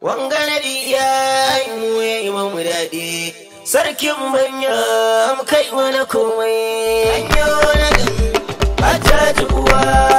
Wangaladi ya mu ya yi mamu daɗi, sarkin banya kai mana komai. Hanyo na a caji uwa.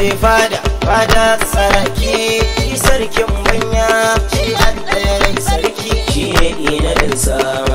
mai fada fada sarki ki sarkin manya shi an sarki shi ne ina sama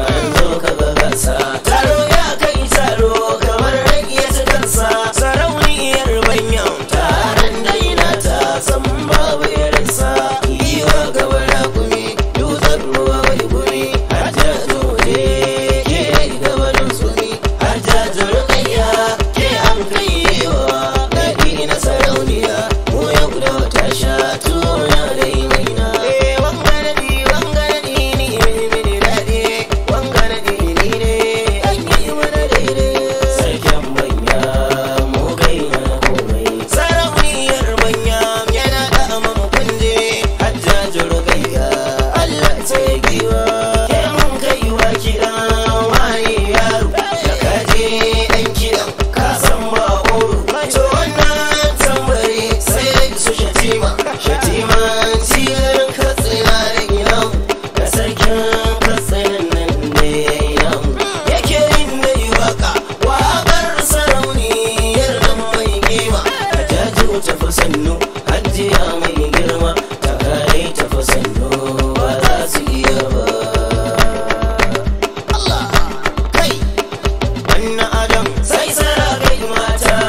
dan adam sai sarakai mata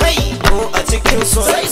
kai ko a cikin sai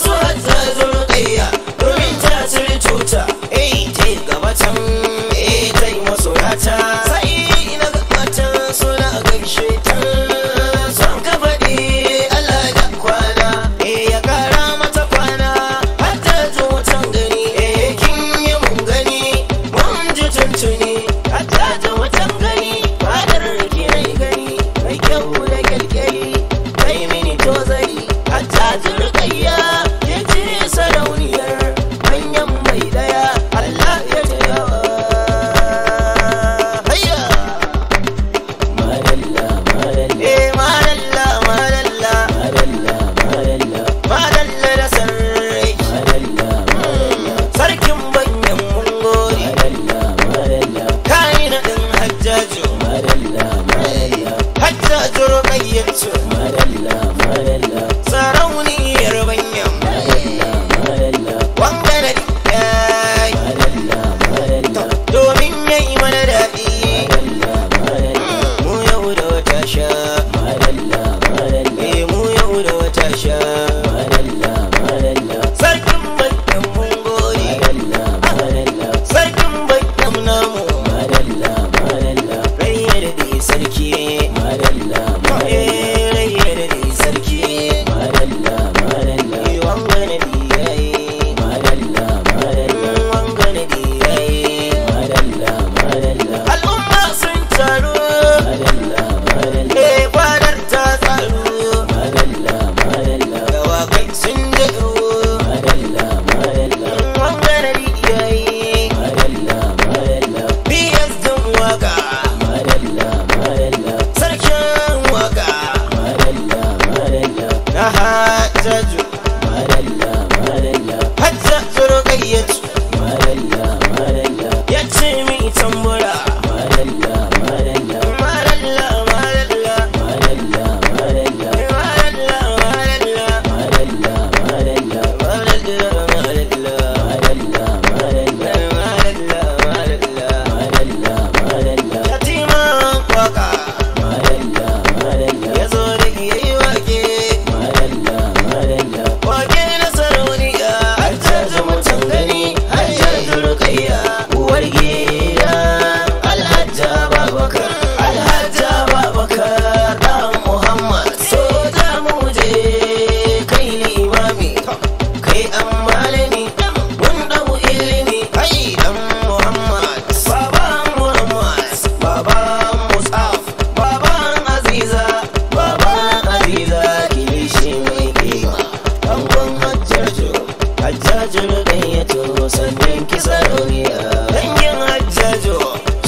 zo sannan kisa duniya dangin hajjajo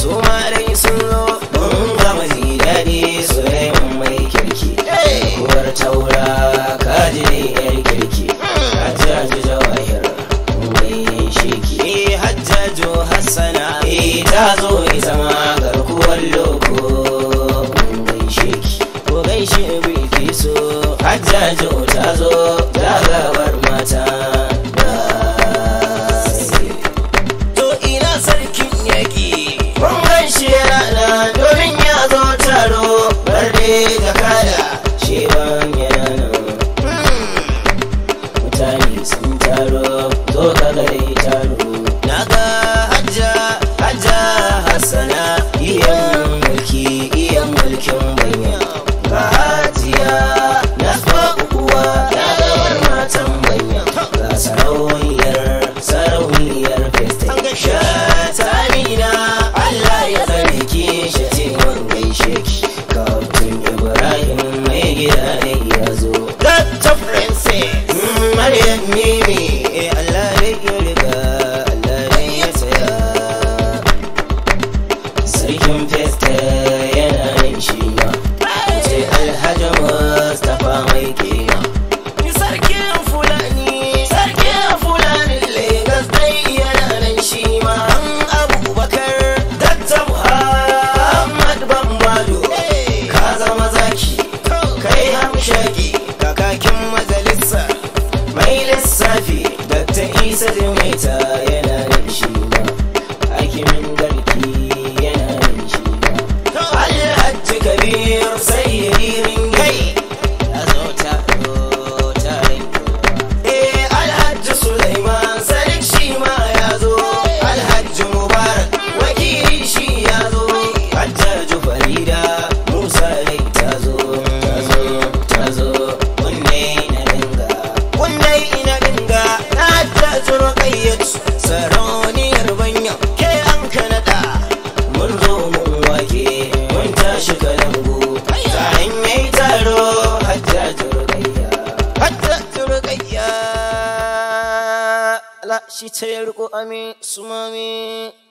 su ma dai sun zo mun gama mai su su mai kirki uwar taura kaji ne yar kirki hajjajo jawahir mai sheki eh hajjajo hassana eh ta zo ita ma garkuwar loko mai sheki ko gaishe bai fi so hajjajo ta zo dagawar mata shi ta ya riko ame su mame